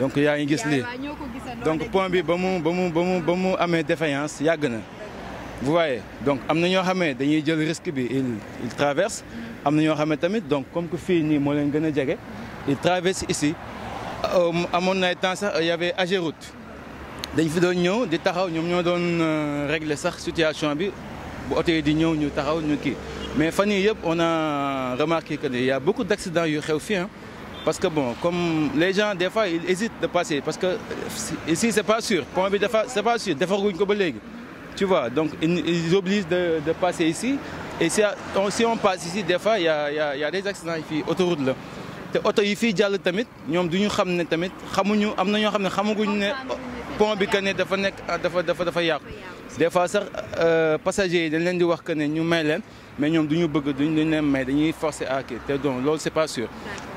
donc yaa ngi gis lii donc point bi bamou bamou bamou mu ba défaillance yagna vous voyez donc amna ño xamé dañuy jël risque bi il il traverse amna ño xamé tamit donc comme que fii nii moo leen gën a il traverse ici euh, amon na ay temps sax y avait agé route dañ fi doon ñëw di taxaw ñom ñoo doon euh, régler sax situation bi bu oto yi di ñëw ñu taxaw ñu ki mais fani yii on a remarqué que il y a beaucoup d'accidents yu xew fi hein parce que bon, comme les gens, des fois, ils hésitent de passer. Parce que euh, ici, c'est pas sûr. Pour des fois, c'est pas sûr. Des fois, Tu vois, donc ils, ils obligent de, de, passer ici. Et si on, si on passe ici, des fois, il y a, y, a, y a, des accidents ici, autoroute là. te il yi fii jàll tamit ñom duñu ñu tamit xamuñu amna ñoo xam ne xamaguñu ne pont bi que dafa nek ah, dafa dafa dafa yaq des fois sax euh, passagers yi dañ leen di wax que ne ñu may leen mais ñom du ñu bëgg duñ leen may dañuy forcer à kii donc lool c'est pas sûr.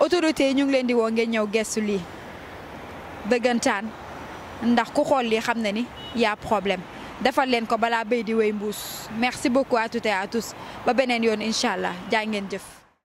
autorité yi ñu ngi leen di woo ngeen ñëw gestu lii dëggantaan ndax ku xool lii xam na ni yaa problème defal leen ko balaa béy di wéy mbuus merci beaucoup à toutes et à ba beneen yoon incha allah jaa ngeen jëf